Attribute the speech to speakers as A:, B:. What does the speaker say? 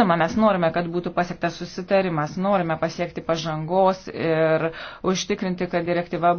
A: Žinoma, mes norime, kad būtų pasiektas susitarimas, norime pasiekti pažangos ir užtikrinti, kad direktyva būtų